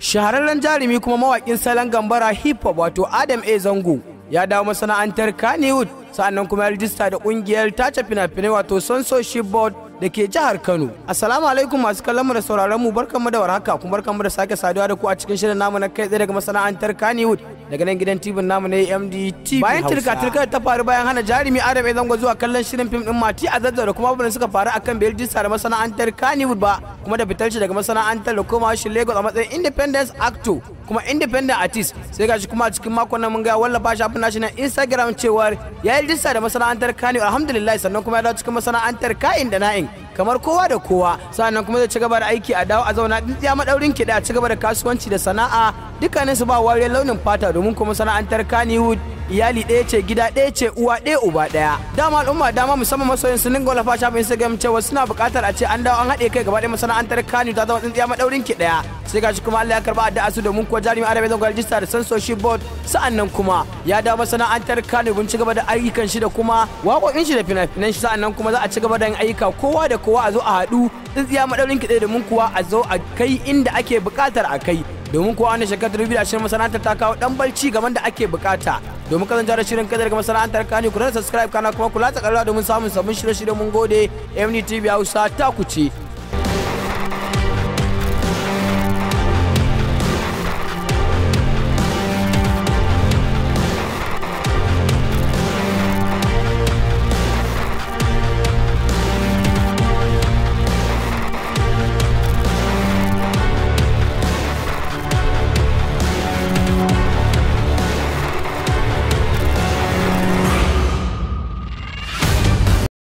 shahararren jarumi kuma mawakin salon gambara hip hop wato adam a zango ya dawo masana'antar kannywood sa'annan kuma ya rijista da kungiyar tace fina-finai wato censorship board da ke jihar kano assalamu alaikum masu kallon mu da sauraron mu barkan mu da warhaka kuma barkan mu da sake saduwa da ku a cikin shirin namu na kai tsaye daga masana'antar kannywood daga nan gidan tibin namu na AMD TV bayan tirka tirka ta faru bayan hana jarumi Adam a zango zuwa kallon shirin fim din Mati a da kuma abin suka faru akan Beljista da masana'antar Kannywood ba kuma da fitar shi daga masana'antar da koma shi Lagos a matsayin independence actor kuma independent artist sai gashi kuma a cikin makon nan mun ga wallafa shafin nashi na Instagram cewa ya yi lissa da masana'antar Kano alhamdulillah sannan kuma ya dawo cikin masana'antar Kain da Na'in kamar kowa da kowa sannan kuma zai ci gaba da aiki a dawo a zauna din tsintsiya madaurin kiɗa a ci gaba da kasuwanci da sana'a dukkanin su ba wariyar launin fata domin kuma masana'antar Kannywood iyali ɗaya ce gida ɗaya ce uwa ɗaya uba ɗaya dama al'umma dama musamman masoyin su dinga lafa shafin instagram cewa suna buƙatar a ce an dawo an haɗe kai gaba ɗaya masana'antar kanu ta zama tsintsiya maɗaurin ki ɗaya sai gashi kuma Allah ya karba addu'a su domin kuwa jami'a arabe zan rajista da censorship board sa'annan kuma ya dawo masana'antar kanu bin ci gaba da ayyukan shi da kuma waƙoƙin shi da fina-finan shi sa'annan kuma za a ci gaba da yin ayyuka kowa da kowa a zo a haɗu tsintsiya maɗaurin ki ɗaya domin kuwa a zo a kai inda ake buƙatar a kai domin kuwa wani shekarar 2020 masana'antar ta kawo ɗan balci game da ake buƙata domin kasance da shirin kai daga masana'antar kani ku da subscribe kana kuma kula ta domin samun sabbin shirye-shirye mun gode MNTV Hausa ta kuce.